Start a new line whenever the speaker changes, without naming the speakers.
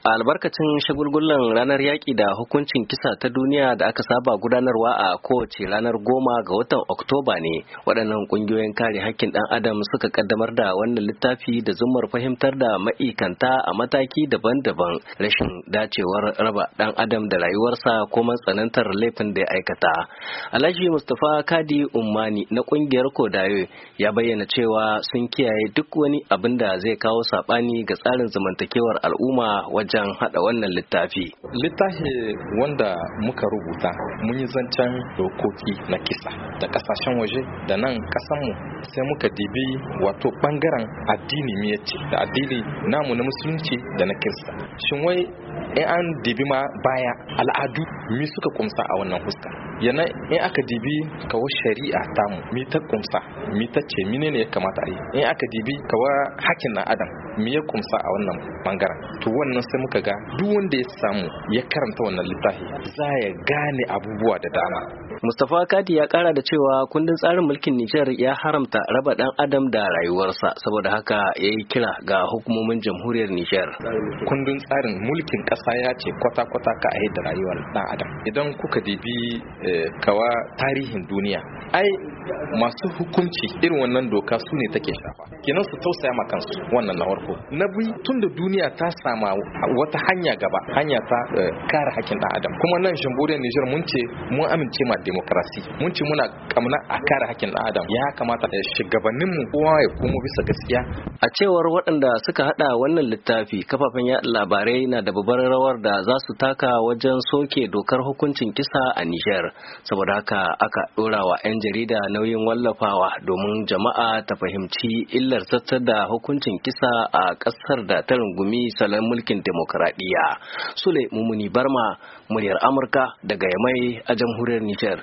A albarkacin shagulgulan ranar yaƙi da hukuncin kisa ta duniya da aka saba gudanarwa a kowace ranar goma ga watan Oktoba ne waɗannan ƙungiyoyin kare hakkin ɗan adam suka ƙaddamar da wannan littafi da zumar fahimtar da ma'ikanta a mataki daban-daban rashin dacewar raba ɗan adam da rayuwarsa ko matsanantar laifin da ya aikata. Alhaji Mustapha Kadi Ummani na ƙungiyar Kodayo ya bayyana cewa sun kiyaye duk wani abin da zai kawo saɓani ga tsarin zamantakewar al'umma wajen zancen hada wannan littafi
littafi wanda muka rubuta mun yi zancen dokoki na kisa da kasashen waje da nan kasanmu sai muka dibi wato bangaren addini me da addini namu na musulunci da na kirista shin wai in an dibi ma baya al'adu mi suka kumsa a wannan huska yana in aka dibi kawo shari'a tamu mi ta kumsa mi ta ce mine ne ya kamata a yi in aka dibi kawo hakin na adam mi ya kumsa a wannan bangaren to wannan sai muka ga duk wanda ya samu ya karanta wannan littafi za ya gane abubuwa da dama
Mustapha Kadi ya kara da cewa kundin tsarin mulkin Nijar ya haramta raba dan adam da rayuwarsa saboda haka ya yi kira ga hukumomin jamhuriyar Nijar. Kundin tsarin
mulkin ƙasa ya ce kwata-kwata ka ayi da rayuwar dan adam. Idan kuka dibi eh, kawa tarihin duniya, ai masu hukunci irin wannan doka su ne take shafa. Kenan su tausaya ma kansu wannan na Na biyu tun da duniya ta sama wata hanya gaba hanya ta eh, kare hakkin dan adam kuma nan jamhuriyar Nijar mun ce mun amince ma demokrasi mun ce muna kamna a kare hakkin dan adam ya kamata eh, shugabannin mu kowa ya komo bisa gaskiya a cewar waɗanda suka hada wannan littafi kafafen yaɗa labarai
na da babbar rawar da za su taka wajen soke dokar hukuncin kisa a Nijar saboda haka aka dora wa 'yan jarida nauyin wallafawa domin jama'a ta fahimci illar zartar da hukuncin kisa a ƙasar da ta rungumi salon mulkin demokrasi demokradiyya sule mumuni barma muryar amurka daga yamai a jamhuriyar niger